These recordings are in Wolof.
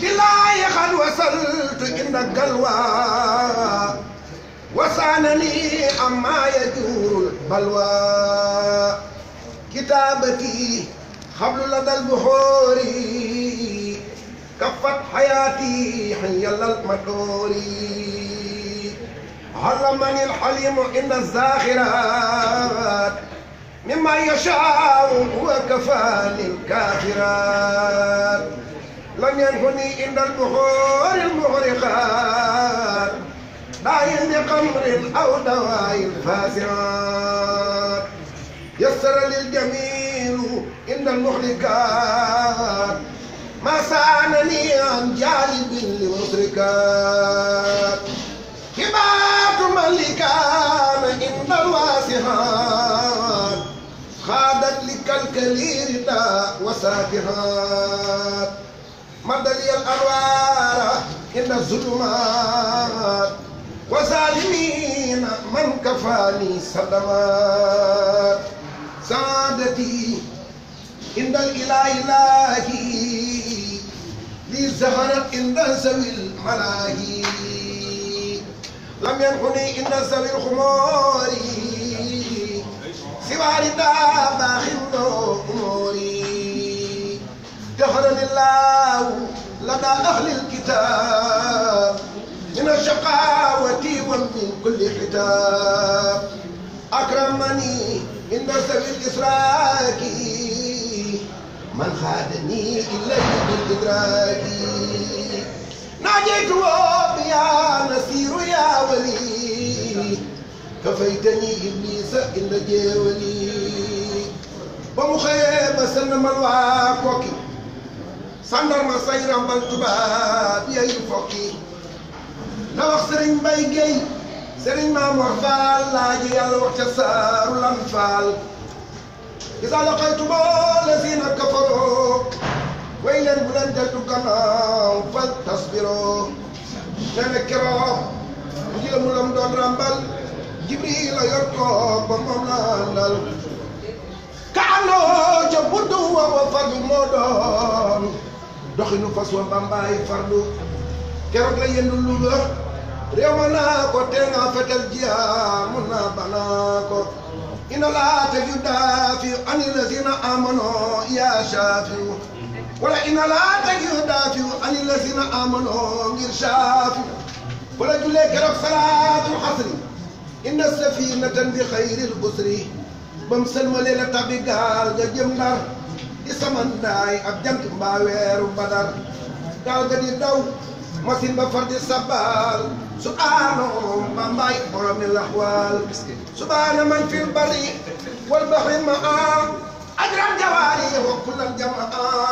بالله قد وصلت عندك الوى وسالني عما يجور البلوى كتابتي حبل لدى البحور كفت حياتي حي المدور علمني الحليم عند الزاخرات مما يشاء وكفى للكافرات لم ينهني عند البحور المغرقات داعي بقمر او دواء الفاسرات يسر للجميل عند المخلقات ما سانني عن جالب لمشركات الصالحات مدد الأنوار عند الظلمات وظالمين من كفاني صدمات سعادتي عند الإله إلهي لي زهرت عند ذوي الملاهي لم ينحني عند ذوي الخمار سوى رداء الله لدى أهل الكتاب من الشقاوة ومن كل حتاب أكرمني من ذوي الإسراك من خادني إليه بالإدراك ناجيت يا نصير يا ولي كفيتني إبليس إلا جولي بمخيب سلم الواقوكي sandarma say rambal tubaab yooyu fokki na wax sëriñ Mbay Géy sëriñ Maamoor Faal laaji wax ca saaru lan faal isa laqaytu lazina kafaroo way leen bu leen deltu gannaaw fal tasbiroo nee na keroog ngi la mu lam ba moom la àndal ka wa wa fadu doxinu fas wa bambaay fardu keroog la yendu lu wax réew ma naa ko tee naa fetel jiyaa mun naa banaa ko ina laa te ju daafi ani lazina amano yaa shaafiu wala ina laa te ju daafi ani lazina amano ngir shaafiu wala julee keroog salaatul xasri inna safinatan bi xayril usri bam selmalee la tabi gaal nga jëm ndar di samandaay ab jant mbaa weeru badar gaal ga di daw masin ba far di sabbal su aanoom ba mbaay boromi laxwaal subaana man fil bari wal baxri ma am ajram jawaari wa kullal jamaa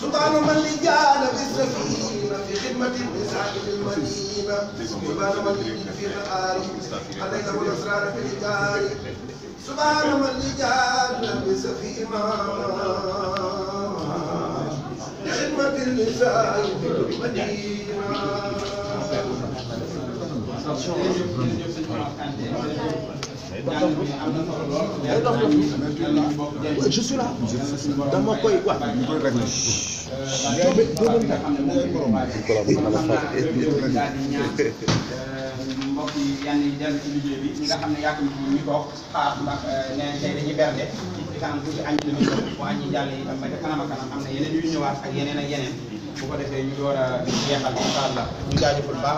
subaana man li jaana bi safiina fi xidmati nisaai lil madina subaana man li fi nahaari alaysa wal asraara fi lijaari سبحان من جعل بسفيما لخدمة النساء في المدينة Je suis là. dama koy wax. mbokk yi yenn yi dellu ci liggéey bi ñi nga xam ne euh, dañuy bernde ci kanam bi lañu toog bu añi jàll yi tam ba ca kanam ak kanam am na yeneen yuy ñëwaat ak yeneen ak yeneen bu ko baax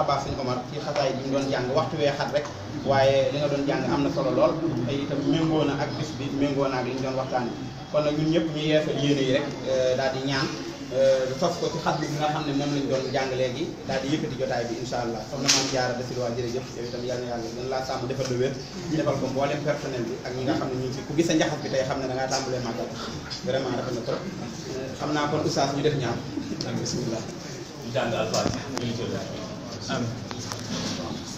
a baax suñu Omar ci xasaay bi ñu doon jàng waxtu wee xat rek waaye li nga doon jàng am na solo lool te itam méngoo na ak bis bi méngoo na ak li ñu doon waxtaan kon nag ñun ñëpp ñu yeesal yéene yi rek euh, daal di ñaan sos euh, ko ci xatlu bi nga xam ne moom lañ doon jàng léegi daal di yëkkati jotaay bi incha allah soxna maam jaara da silwaa jërëjëf yow itam yal na yàlla gën laa sàmm defal lu wér defal ko mboolem personnel bi ak ñi nga xam ne ñu ngi si ku gis sa njaxas bi tey xam ne da ngaa tàmbalee màggal vraiment rafet na trop euh, xam naa kon oustaz ñu def ñaar bismillah ñu jàng alfaatiha